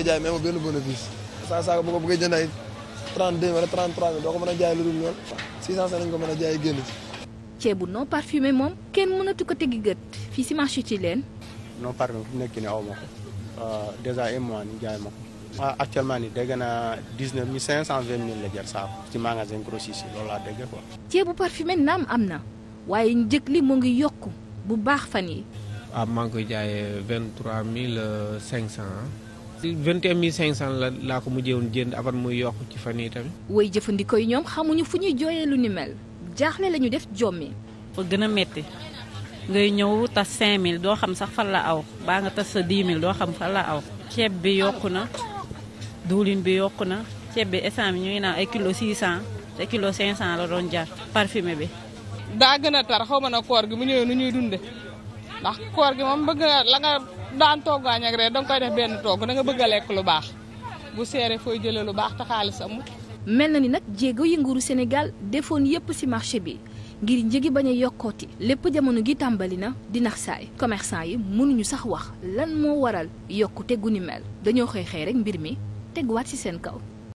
koy jaay mais ma benn bénéfice saa saako bu ko bëggee jënd ay 32 wala 33 mille doo ko mën a jaay lu dul lool 600 lañ ko mën a jaay génn ceebu non parfumé moom kenn mënatu ko tegi gët fii si marché ci leen. non parfumé fu nekk ni aw ma ko euh, dèjà un mois nii jaay ma ko. waaw ah, actuellement nii dégg naa 19 mille 520 mille la jar saako ci magasin grossiste loolu laa dégg quoi. ceebu parfumé naam am na waaye njëg li mu ngi yokk bu baax fan yi ah maa ngi koy jaayee 23 mille 500. vingt et un mille cinq cent la laa ko mujjee jënd avant muy yokk ci fan yi tamit. way jëfandikoo yi ñoom xamuñu fu ñuy jooyee lu ni mel jaaxle la ñu def jommi. ba gën a métti ngay ñëw tas cinq mille doo xam sax fan la aw baa nga tas sa dix mille doo xam fan la aw. ceeb bi yokku na diwlin bi yokk na ceeb bi essence bi ñu naa ay kilo six cent te kilo cinq cent la doon jar parfumé bi. daa gën a tar xaw koor gi mu ñëwee nu ñuy dunde ndax koor gi moom bëgg la nga. daan togg añ ak reer danga koy def benn togg danga bëgg a lekk lu baax bu seere fooy jëlee lu baax te xaalis amul. mel na ni nag jéego yi nguuru Sénégal defoon yépp ci marché bi ngir njëgi bañ a yokkooti lépp jamono gi tàmbali na di nax saay commerçant yi mënuñu sax wax lan moo waral yokkute gu ni mel dañoo xëy xëy rekk mbir mi teguwaat ci seen kaw.